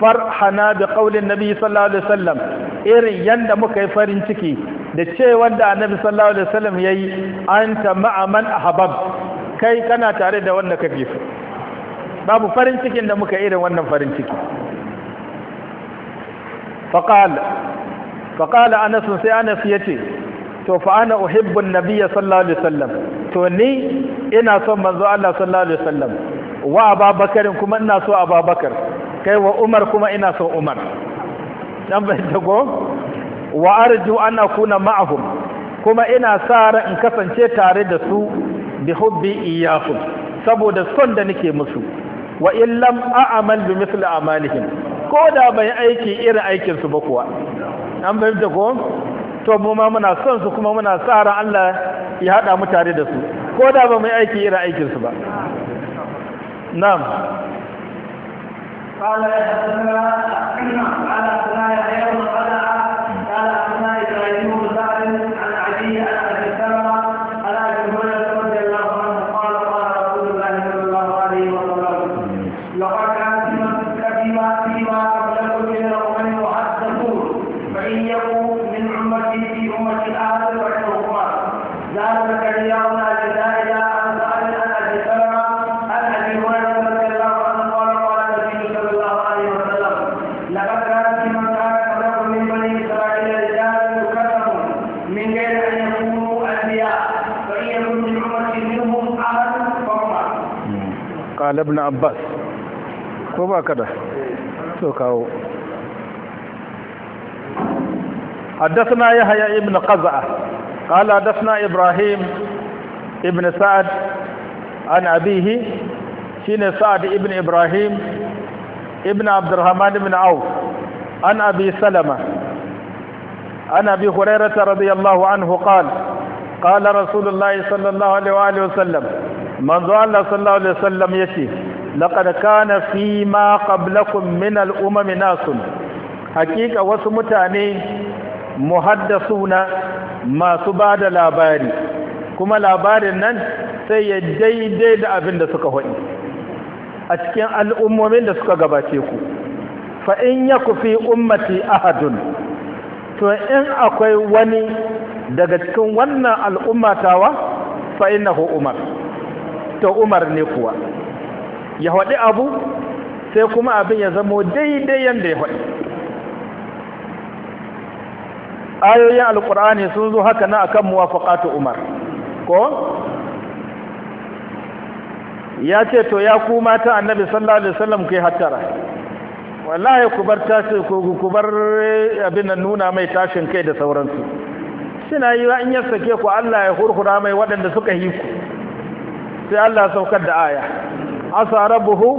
farhana da qaulin nabi sallallahu alaihi wasallam irin yanda muka yi farin ciki da ce wanda annabi sallallahu alaihi wasallam yayi anta ma'a man ahbab kai kana tare da wanda kake so babu farin cikin da muka irin wannan farin ciki faqala faqala anas sai anas yace to fa ana uhibbun nabiyya sallallahu alaihi wasallam to ni ina son manzo Allah sallallahu alaihi wasallam wa ababakar kuma ina so ababakar kai wa umar kuma ina so umar dan bai dago wa arju an akuna ma'ahum kuma ina sa ran in kasance tare da su bi hubbi iyyakum saboda son da nake musu wa in lam a'mal bi mithli amalihim ko da bai aiki irin aikin su ba kuwa an bai dago to mu ma muna son su kuma muna sa ran Allah ya hada mu tare da su ko da ba mu aiki irin aikin su ba na'am ibn abbas ko ba kada to kawo حدثنا يحيى ابن قزعة قال حدثنا إبراهيم ابن سعد عن أبيه شين سعد ابن إبراهيم ابن عبد الرحمن بن عوف عن أبي سلمة عن أبي هريرة رضي الله عنه قال قال رسول الله صلى الله عليه وآله وسلم manzo Allah sallallahu alaihi wasallam yace laqad kana fi ma qablakum min al-umam nasun hakika wasu mutane muhaddasuna masu bada labari kuma labarin nan sai ya daidai da abin da suka hodi a cikin al'ummomin da suka gabace ku fa in yaku fi ummati ahadun to in akwai wani daga cikin wannan al'ummatawa fa innahu umar ta umar ne kuwa ya haɗi abu sai kuma abin ya zama daidai yadda ya haɗi ayoyin alkur'ani sun zo haka na akan muwafaqatu umar ko ya ce to ya ku mata annabi sallallahu alaihi wasallam kai hattara wallahi ku bar tashi ku ku bar abin nan nuna mai tashin kai da sauransu suna yi in ya sake ku Allah ya hurhura mai waɗanda suka yi ku sai Allah saukar da aya asa rabbuhu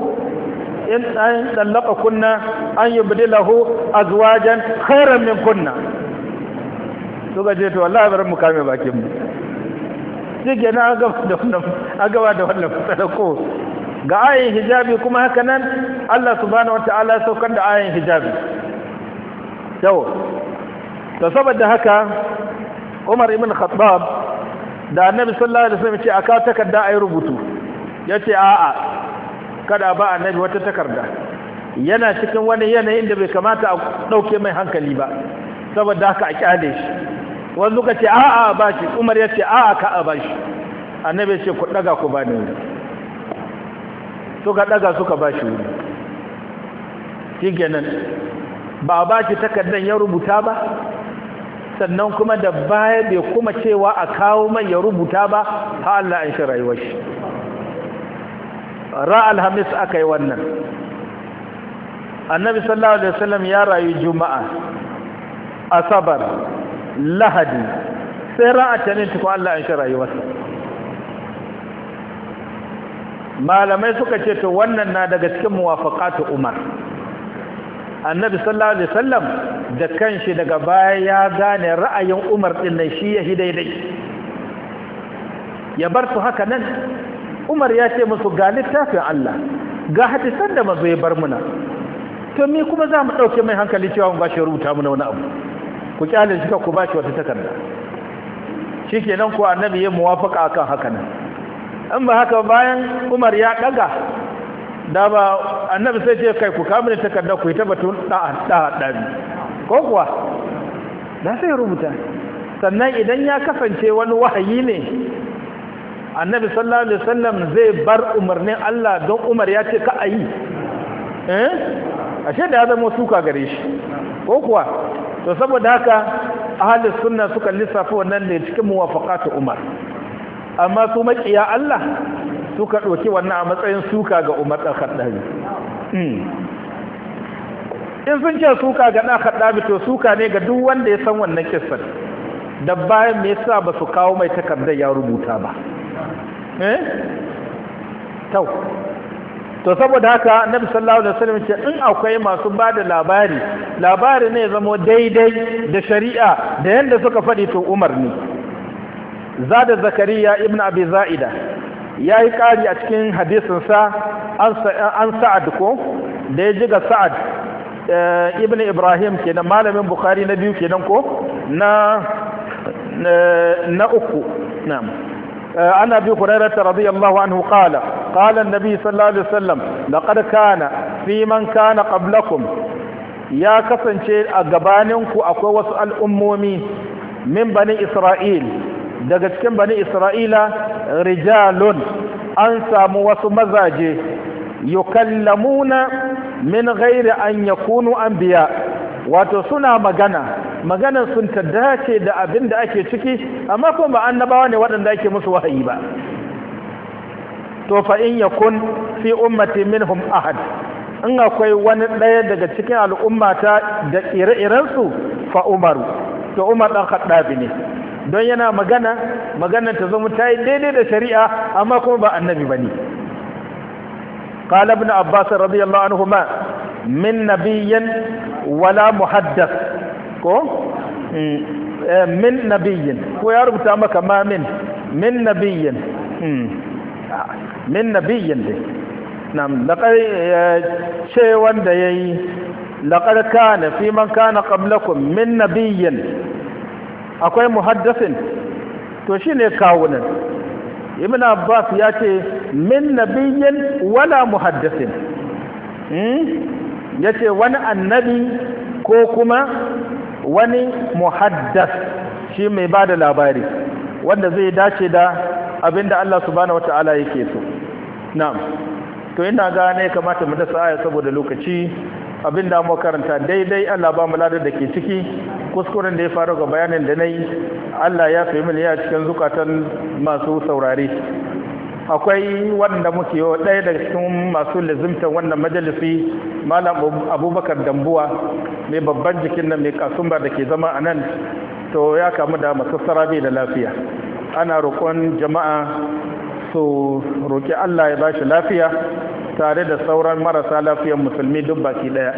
in an dallaka kunna an yubdilahu azwajan khairan min kunna suka je to wallahi bar mu kame bakin mu shige na ga da wannan agaba da wannan sadako ga ayin hijabi kuma haka nan Allah subhanahu wataala saukar da ayin hijabi yau to saboda haka Umar ibn Khattab da annabi sallallahu alaihi wasallam ya ce a ka takarda ayi rubutu yace a'a kada ba annabi wata takarda yana cikin wani yanayin da bai kamata a dauke mai hankali ba saboda haka a kyale shi Wanzu ka ce a'a ba shi umar ya ce a'a ka a ba shi annabi ya ce ku daga ku ba ni wuri suka daga suka ba shi wuri shi ba ba ki takardan ya rubuta ba sannan kuma da baya bai kuma cewa a kawo man ya rubuta ba ha Allah an shi rayuwar shi ra alhamis aka yi wannan annabi sallallahu alaihi wasallam ya rayu juma'a asabar lahadi sai ra'a tanin tukun Allah an shi rayuwarsa malamai suka ce to wannan na daga cikin muwafaqatu umar annabi sallallahu alaihi wasallam da kanshi daga baya ya gane ra'ayin Umar din nan shi ya daidai ya bar su haka nan Umar ya ce musu ga littafin Allah ga hadisan da mazo ya bar muna to me kuma za mu dauke mai hankali cewa mu bashi rubuta muna wani abu ku kyale shi ku bashi wata takarda shikenan ko annabi ya muwafaka akan haka nan in ba haka bayan Umar ya daga da ba annabi sai ce kai ku kama takarda ku yi ta batun da ko kuwa da sai rubuta sannan idan ya kasance wani wahayi ne annabi sallallahu alaihi wasallam zai bar umarnin Allah don umar ya ce ka a eh ashe da ya zama suka gare shi ko kuwa to saboda haka ahli sunna suka lissafa wannan ne cikin muwafaqatu umar amma su makiya Allah suka ɗauki wannan a matsayin suka ga umar ɗan haɗari hmm. in sun ce suka ga ɗan haɗari to suka ne ga duk wanda ya san wannan kisan da bayan me yasa ba su kawo mai takardar ya rubuta ba eh? to saboda haka annabi sallallahu alaihi wasallam ce in akwai masu ba da labari labari ne zama daidai da shari'a da yanda suka faɗi to Umar ne zada zakariya ibn abi zaida ya yi ƙari a cikin hadisinsa an sa'ad ko da ya ji ga sa'ad eh, ibn ibrahim kenan malamin bukari na biyu kenan ko na na uku na'am eh, ana bi hurairah radiyallahu anhu qala qala an-nabi sallallahu alaihi wasallam laqad kana fi man kana qablakum ya kasance a gabaninku akwai wasu al'ummomi min bani isra'il daga cikin bani isra'ila rijalun an samu wasu mazaje yukallamuna min ghairi an yakunu anbiya wato suna magana magana sun ta dace da abin da ake ciki amma kuma ba annabawa ne waɗanda ake musu wahayi ba to fa in yakun fi ummati minhum ahad in akwai wani ɗaya daga cikin al'ummata da ire-irensu fa umaru to umar ɗan khattabi ne don yana magana magana ta zama ta daidai da shari'a amma kuma ba annabi bane qala ibn abbas radiyallahu anhu ma min nabiyyin wala muhaddas ko min nabiyyin ko ya rubuta maka ma min min nabiyyin min nabiyyin dai na laƙar ce wanda ya yi laƙar kana fi man kana ƙablakun min nabiyyin akwai muhaddasin to shi ne kawunan ibn abbas ya ce min biyan wala muhaddasin hmm? ya ce wani annabi ko kuma wani muhaddas shi mai ba da labari wanda zai dace da abinda Allah subhanahu wata'ala yake so na'am to ina ne kamata mu dasa sa'a saboda lokaci abinda mu karanta daidai Allah ba mu ladar da ke ciki kuskuren da ya faru ga bayanin da na yi allah ya fi mini cikin zukatan masu saurari akwai wanda muke yau ɗaya daga cikin masu lizimtar wannan majalisi malam abubakar dambuwa mai babban jikin nan mai kasumba da ke zama a nan to ya kamu da masu bai da lafiya ana roƙon jama'a su roƙi allah ya ba shi lafiya tare da sauran marasa lafiyan musulmi duk baki ɗaya